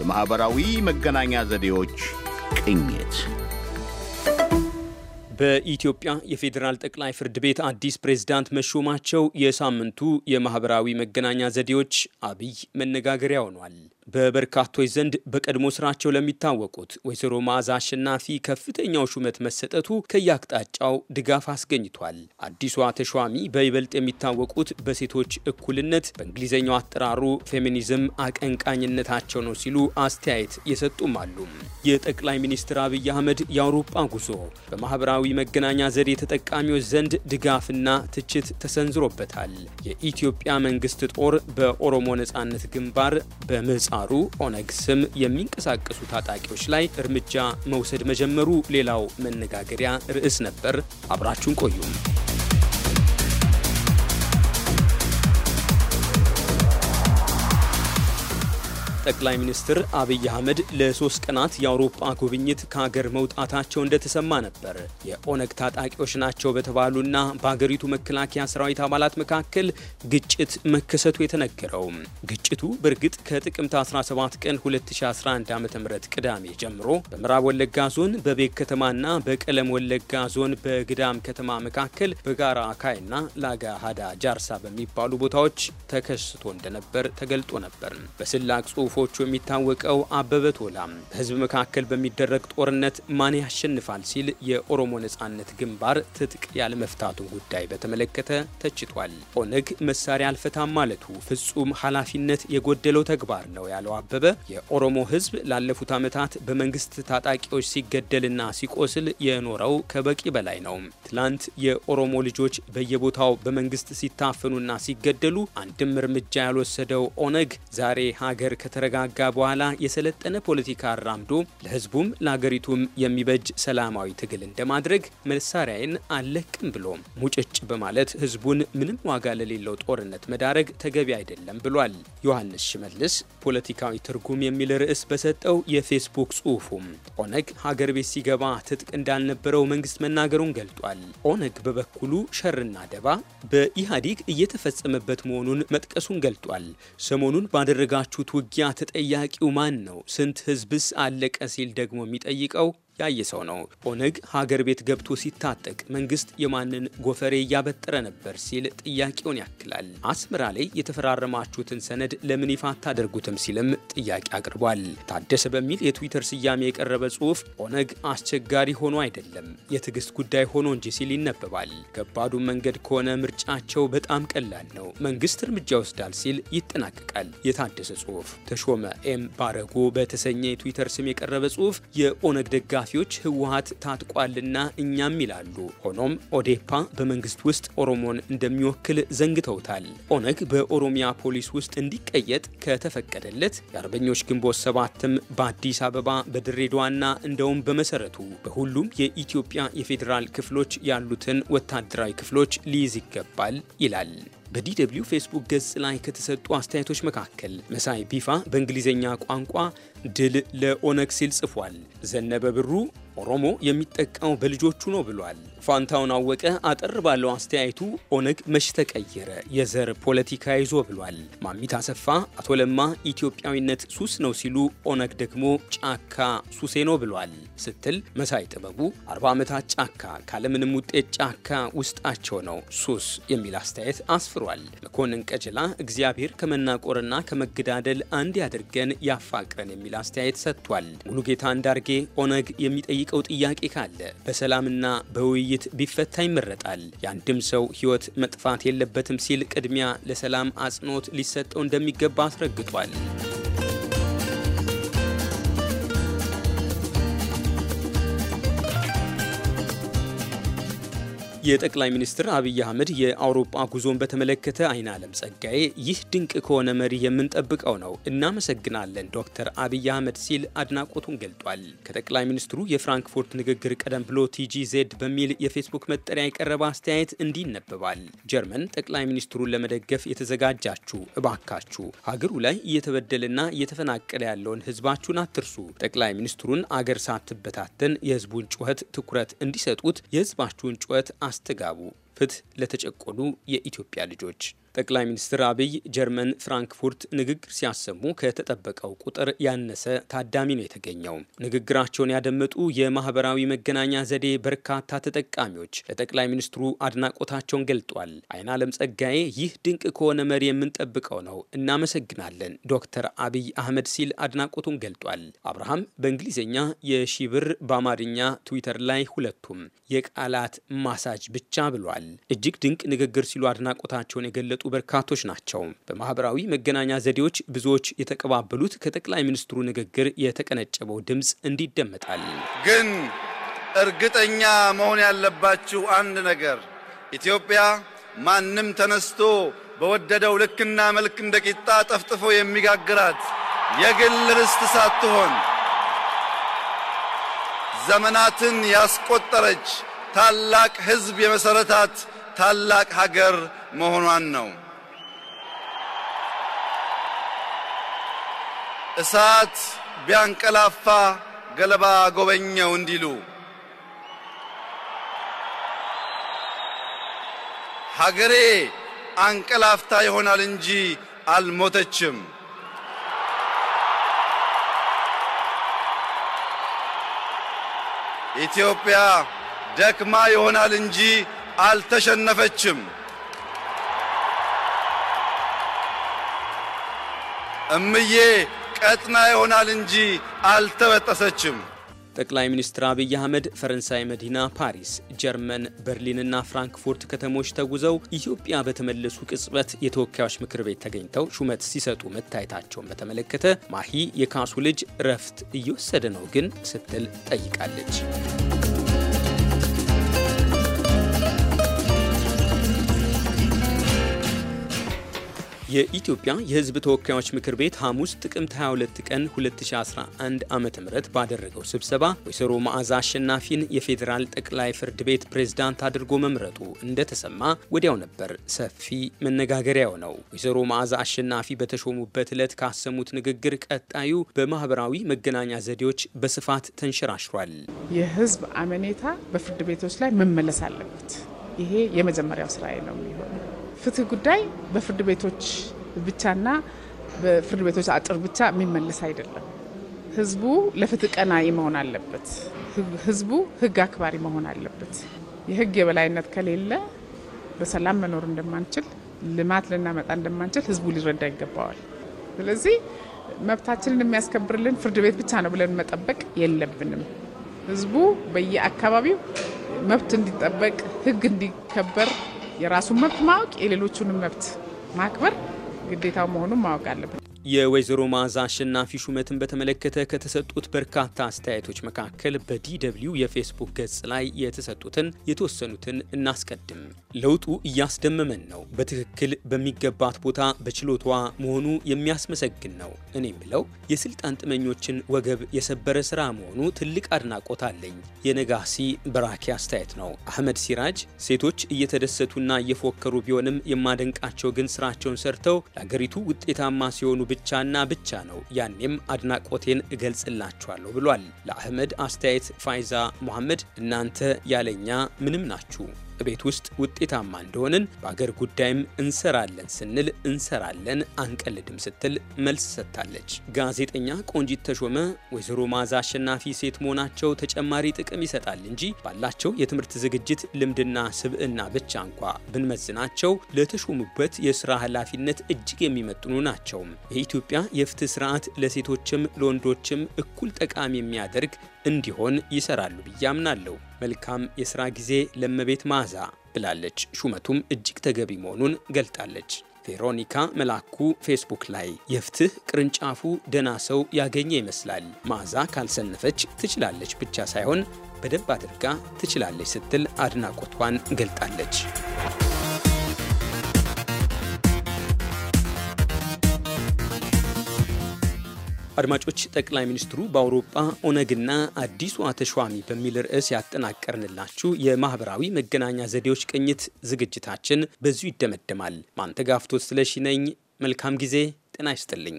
የማኅበራዊ መገናኛ ዘዴዎች ቅኝት በኢትዮጵያ የፌዴራል ጠቅላይ ፍርድ ቤት አዲስ ፕሬዝዳንት መሾማቸው የሳምንቱ የማኅበራዊ መገናኛ ዘዴዎች አብይ መነጋገሪያ ሆኗል። በበርካቶች ዘንድ በቀድሞ ስራቸው ለሚታወቁት ወይዘሮ መዓዛ አሸናፊ ከፍተኛው ሹመት መሰጠቱ ከየአቅጣጫው ድጋፍ አስገኝቷል። አዲሷ ተሿሚ በይበልጥ የሚታወቁት በሴቶች እኩልነት በእንግሊዝኛው አጠራሩ ፌሚኒዝም አቀንቃኝነታቸው ነው ሲሉ አስተያየት የሰጡም አሉ። የጠቅላይ ሚኒስትር አብይ አህመድ የአውሮፓ ጉዞ በማህበራዊ መገናኛ ዘዴ ተጠቃሚዎች ዘንድ ድጋፍና ትችት ተሰንዝሮበታል። የኢትዮጵያ መንግስት ጦር በኦሮሞ ነጻነት ግንባር በመጻ በአንሳሩ ኦነግ ስም የሚንቀሳቀሱ ታጣቂዎች ላይ እርምጃ መውሰድ መጀመሩ ሌላው መነጋገሪያ ርዕስ ነበር። አብራችሁን ቆዩም። ጠቅላይ ሚኒስትር አብይ አህመድ ለሶስት ቀናት የአውሮፓ ጉብኝት ከሀገር መውጣታቸው እንደተሰማ ነበር። የኦነግ ታጣቂዎች ናቸው በተባሉና በሀገሪቱ መከላከያ ሰራዊት አባላት መካከል ግጭት መከሰቱ የተነገረው። ግጭቱ በእርግጥ ከጥቅምት 17 ቀን 2011 ዓ ም ቅዳሜ ጀምሮ በምዕራብ ወለጋ ዞን በቤክ ከተማና በቀለም ወለጋ ዞን በግዳም ከተማ መካከል በጋራ አካይና ላጋ ሀዳ ጃርሳ በሚባሉ ቦታዎች ተከስቶ እንደነበር ተገልጦ ነበር። በስላቅ ጽሁፉ በጽሁፎቹ የሚታወቀው አበበ ቶላ በህዝብ መካከል በሚደረግ ጦርነት ማን ያሸንፋል ሲል የኦሮሞ ነጻነት ግንባር ትጥቅ ያለመፍታቱን ጉዳይ በተመለከተ ተችቷል። ኦነግ መሳሪያ አልፈታም ማለቱ ፍጹም ኃላፊነት የጎደለው ተግባር ነው ያለው አበበ የኦሮሞ ህዝብ ላለፉት ዓመታት በመንግስት ታጣቂዎች ሲገደልና ሲቆስል የኖረው ከበቂ በላይ ነው። ትላንት የኦሮሞ ልጆች በየቦታው በመንግስት ሲታፈኑና ሲገደሉ አንድም እርምጃ ያልወሰደው ኦነግ ዛሬ ሀገር ከተረ ከተረጋጋ በኋላ የሰለጠነ ፖለቲካ አራምዶ ለህዝቡም ለአገሪቱም የሚበጅ ሰላማዊ ትግል እንደማድረግ መሳሪያዬን አለቅም ብሎ ሙጭጭ በማለት ህዝቡን ምንም ዋጋ ለሌለው ጦርነት መዳረግ ተገቢ አይደለም ብሏል። ዮሐንስ ሽመልስ ፖለቲካዊ ትርጉም የሚል ርዕስ በሰጠው የፌስቡክ ጽሁፉም ኦነግ ሀገር ቤት ሲገባ ትጥቅ እንዳልነበረው መንግስት መናገሩን ገልጧል። ኦነግ በበኩሉ ሸርና ደባ በኢህአዴግ እየተፈጸመበት መሆኑን መጥቀሱን ገልጧል። ሰሞኑን ባደረጋችሁት ውጊያ ተጠያቂው ማን ነው? ስንት ህዝብስ አለቀ? ሲል ደግሞ የሚጠይቀው ያየ ሰው ነው። ኦነግ ሀገር ቤት ገብቶ ሲታጠቅ መንግስት የማንን ጎፈሬ እያበጠረ ነበር ሲል ጥያቄውን ያክላል። አስመራ ላይ የተፈራረማችሁትን ሰነድ ለምን ይፋ አታደርጉትም ሲልም ጥያቄ አቅርቧል። ታደሰ በሚል የትዊተር ስያሜ የቀረበ ጽሁፍ ኦነግ አስቸጋሪ ሆኖ አይደለም የትዕግስት ጉዳይ ሆኖ እንጂ ሲል ይነበባል። ከባዱ መንገድ ከሆነ ምርጫቸው በጣም ቀላል ነው፣ መንግስት እርምጃ ይወስዳል ሲል ይጠናቀቃል የታደሰ ጽሁፍ። ተሾመ ኤም ባረጎ በተሰኘ የትዊተር ስም የቀረበ ጽሁፍ የኦነግ ደጋ ኃላፊዎች ህወሀት ታጥቋልና እኛም ይላሉ። ሆኖም ኦዴፓ በመንግስት ውስጥ ኦሮሞን እንደሚወክል ዘንግተውታል። ኦነግ በኦሮሚያ ፖሊስ ውስጥ እንዲቀየጥ ከተፈቀደለት የአርበኞች ግንቦት ሰባትም በአዲስ አበባ በድሬዳዋና እንደውም በመሰረቱ በሁሉም የኢትዮጵያ የፌዴራል ክፍሎች ያሉትን ወታደራዊ ክፍሎች ሊይዝ ይገባል ይላል። በዲw ፌስቡክ ገጽ ላይ ከተሰጡ አስተያየቶች መካከል መሳይ ቢፋ በእንግሊዝኛ ቋንቋ ድል ለኦነግ ሲል ጽፏል። ዘነበ ብሩ ኦሮሞ የሚጠቃው በልጆቹ ነው ብሏል። ፋንታውን አወቀ አጠር ባለው አስተያየቱ ኦነግ መች ተቀየረ የዘር ፖለቲካ ይዞ ብሏል። ማሚት አሰፋ አቶ ለማ ኢትዮጵያዊነት ሱስ ነው ሲሉ ኦነግ ደግሞ ጫካ ሱሴ ነው ብሏል ስትል መሳይ ጥበቡ አርባ ዓመታት ጫካ ካለምንም ውጤት ጫካ ውስጣቸው ነው ሱስ የሚል አስተያየት አስፍሯል። መኮንን ቀጀላ እግዚአብሔር ከመናቆርና ከመገዳደል አንድ ያድርገን ያፋቅረን የሚል አስተያየት ሰጥቷል። ሙሉጌታ እንዳርጌ ኦነግ የሚጠይቅ የምንጠይቀው ጥያቄ ካለ በሰላምና በውይይት ቢፈታ ይመረጣል። የአንድም ሰው ሕይወት መጥፋት የለበትም ሲል ቅድሚያ ለሰላም አጽንኦት ሊሰጠው እንደሚገባ አስረግጧል። የጠቅላይ ሚኒስትር አብይ አህመድ የአውሮፓ ጉዞን በተመለከተ አይን አለም ጸጋዬ ይህ ድንቅ ከሆነ መሪ የምንጠብቀው ነው፣ እናመሰግናለን ዶክተር አብይ አህመድ ሲል አድናቆቱን ገልጧል። ከጠቅላይ ሚኒስትሩ የፍራንክፎርት ንግግር ቀደም ብሎ ቲጂ ዜድ በሚል የፌስቡክ መጠሪያ የቀረበ አስተያየት እንዲህ ይነበባል። ጀርመን ጠቅላይ ሚኒስትሩን ለመደገፍ የተዘጋጃችሁ እባካችሁ ሀገሩ ላይ እየተበደለና እየተፈናቀለ ያለውን ህዝባችሁን አትርሱ። ጠቅላይ ሚኒስትሩን አገር ሳትበታተን የህዝቡን ጩኸት ትኩረት እንዲሰጡት የህዝባችሁን ጩኸት ማስተጋቡ ፍትህ ለተጨቆኑ የኢትዮጵያ ልጆች። ጠቅላይ ሚኒስትር አብይ ጀርመን ፍራንክፉርት ንግግር ሲያሰሙ ከተጠበቀው ቁጥር ያነሰ ታዳሚ ነው የተገኘው። ንግግራቸውን ያደመጡ የማህበራዊ መገናኛ ዘዴ በርካታ ተጠቃሚዎች ለጠቅላይ ሚኒስትሩ አድናቆታቸውን ገልጧል። አይን አለም ጸጋዬ ይህ ድንቅ ከሆነ መሪ የምንጠብቀው ነው፣ እናመሰግናለን ዶክተር አብይ አህመድ ሲል አድናቆቱን ገልጧል። አብርሃም በእንግሊዝኛ የሺ ብር በአማርኛ ትዊተር ላይ ሁለቱም የቃላት ማሳጅ ብቻ ብሏል። ተናግረዋል። እጅግ ድንቅ ንግግር ሲሉ አድናቆታቸውን የገለጡ በርካቶች ናቸው። በማህበራዊ መገናኛ ዘዴዎች ብዙዎች የተቀባበሉት ከጠቅላይ ሚኒስትሩ ንግግር የተቀነጨበው ድምፅ እንዲደመጣል። ግን እርግጠኛ መሆን ያለባችሁ አንድ ነገር ኢትዮጵያ ማንም ተነስቶ በወደደው ልክና መልክ እንደ ቂጣ ጠፍጥፎ የሚጋግራት የግል ርስት ሳትሆን ዘመናትን ያስቆጠረች ታላቅ ህዝብ የመሰረታት ታላቅ ሀገር መሆኗን ነው። እሳት ቢያንቀላፋ ገለባ ጎበኘው እንዲሉ ሀገሬ አንቀላፍታ ይሆናል እንጂ አልሞተችም። ኢትዮጵያ ደክማ ይሆናል እንጂ አልተሸነፈችም። እምዬ ቀጥና ይሆናል እንጂ አልተበጠሰችም። ጠቅላይ ሚኒስትር አብይ አህመድ ፈረንሳይ መዲና ፓሪስ፣ ጀርመን በርሊንና ፍራንክፉርት ከተሞች ተጉዘው ኢትዮጵያ በተመለሱ ቅጽበት የተወካዮች ምክር ቤት ተገኝተው ሹመት ሲሰጡ መታየታቸውን በተመለከተ ማሂ የካሱ ልጅ እረፍት እየወሰደ ነው ግን ስትል ጠይቃለች። የኢትዮጵያ የሕዝብ ተወካዮች ምክር ቤት ሐሙስ ጥቅምት 22 ቀን 2011 ዓ ም ባደረገው ስብሰባ ወይዘሮ መዓዛ አሸናፊን የፌዴራል ጠቅላይ ፍርድ ቤት ፕሬዝዳንት አድርጎ መምረጡ እንደተሰማ ወዲያው ነበር ሰፊ መነጋገሪያው ነው። ወይዘሮ መዓዛ አሸናፊ በተሾሙበት ዕለት ካሰሙት ንግግር ቀጣዩ በማህበራዊ መገናኛ ዘዴዎች በስፋት ተንሸራሽሯል። የሕዝብ አመኔታ በፍርድ ቤቶች ላይ መመለስ አለበት። ይሄ የመጀመሪያው ስራዬ ነው የሚሆነው ፍትህ ጉዳይ በፍርድ ቤቶች ብቻና በፍርድ ቤቶች አጥር ብቻ የሚመለስ አይደለም። ህዝቡ ለፍትህ ቀናይ መሆን አለበት። ህዝቡ ህግ አክባሪ መሆን አለበት። የህግ የበላይነት ከሌለ በሰላም መኖር እንደማንችል፣ ልማት ልናመጣ እንደማንችል ህዝቡ ሊረዳ ይገባዋል። ስለዚህ መብታችንን የሚያስከብርልን ፍርድ ቤት ብቻ ነው ብለን መጠበቅ የለብንም። ህዝቡ በየአካባቢው መብት እንዲጠበቅ፣ ህግ እንዲከበር የራሱን መብት ማወቅ የሌሎቹንም መብት ማክበር ግዴታው መሆኑን ማወቅ አለበት። የወይዘሮ መዓዛ አሸናፊ ሹመትን በተመለከተ ከተሰጡት በርካታ አስተያየቶች መካከል በዲደብሊው የፌስቡክ ገጽ ላይ የተሰጡትን የተወሰኑትን እናስቀድም። ለውጡ እያስደመመን ነው። በትክክል በሚገባት ቦታ በችሎቷ መሆኑ የሚያስመሰግን ነው። እኔም ብለው የስልጣን ጥመኞችን ወገብ የሰበረ ስራ መሆኑ ትልቅ አድናቆት አለኝ። የነጋሲ በራኪ አስተያየት ነው። አህመድ ሲራጅ ሴቶች እየተደሰቱና እየፎከሩ ቢሆንም የማደንቃቸው ግን ስራቸውን ሰርተው ለአገሪቱ ውጤታማ ሲሆኑ ብቻና ብቻ ነው። ያኔም አድናቆቴን እገልጽላችኋለሁ ብሏል። ለአህመድ አስተያየት ፋይዛ ሙሐመድ እናንተ ያለኛ ምንም ናችሁ ቤት ውስጥ ውጤታማ እንደሆንን በአገር ጉዳይም እንሰራለን ስንል እንሰራለን አንቀልድም ስትል መልስ ሰጥታለች። ጋዜጠኛ ቆንጂት ተሾመ ወይዘሮ ማዛ አሸናፊ ሴት መሆናቸው ተጨማሪ ጥቅም ይሰጣል እንጂ ባላቸው የትምህርት ዝግጅት ልምድና ስብዕና ብቻ እንኳ ብንመዝናቸው ለተሾሙበት የስራ ኃላፊነት እጅግ የሚመጥኑ ናቸውም። የኢትዮጵያ የፍትህ ስርዓት ለሴቶችም ለወንዶችም እኩል ጠቃሚ የሚያደርግ እንዲሆን ይሰራሉ ብዬ አምናለሁ። መልካም የስራ ጊዜ ለመቤት መዓዛ ብላለች። ሹመቱም እጅግ ተገቢ መሆኑን ገልጣለች። ቬሮኒካ መላኩ ፌስቡክ ላይ የፍትህ ቅርንጫፉ ደና ሰው ያገኘ ይመስላል። መዓዛ ካልሰነፈች ትችላለች ብቻ ሳይሆን በደንብ አድርጋ ትችላለች ስትል አድናቆቷን ገልጣለች። አድማጮች ጠቅላይ ሚኒስትሩ በአውሮፓ ኦነግና አዲሷ ተሿሚ በሚል ርዕስ ያጠናቀርንላችሁ የማህበራዊ መገናኛ ዘዴዎች ቅኝት ዝግጅታችን በዙ ይደመደማል። ማንተጋፍቶት ስለሺ ነኝ። መልካም ጊዜ። ጤና ይስጥልኝ።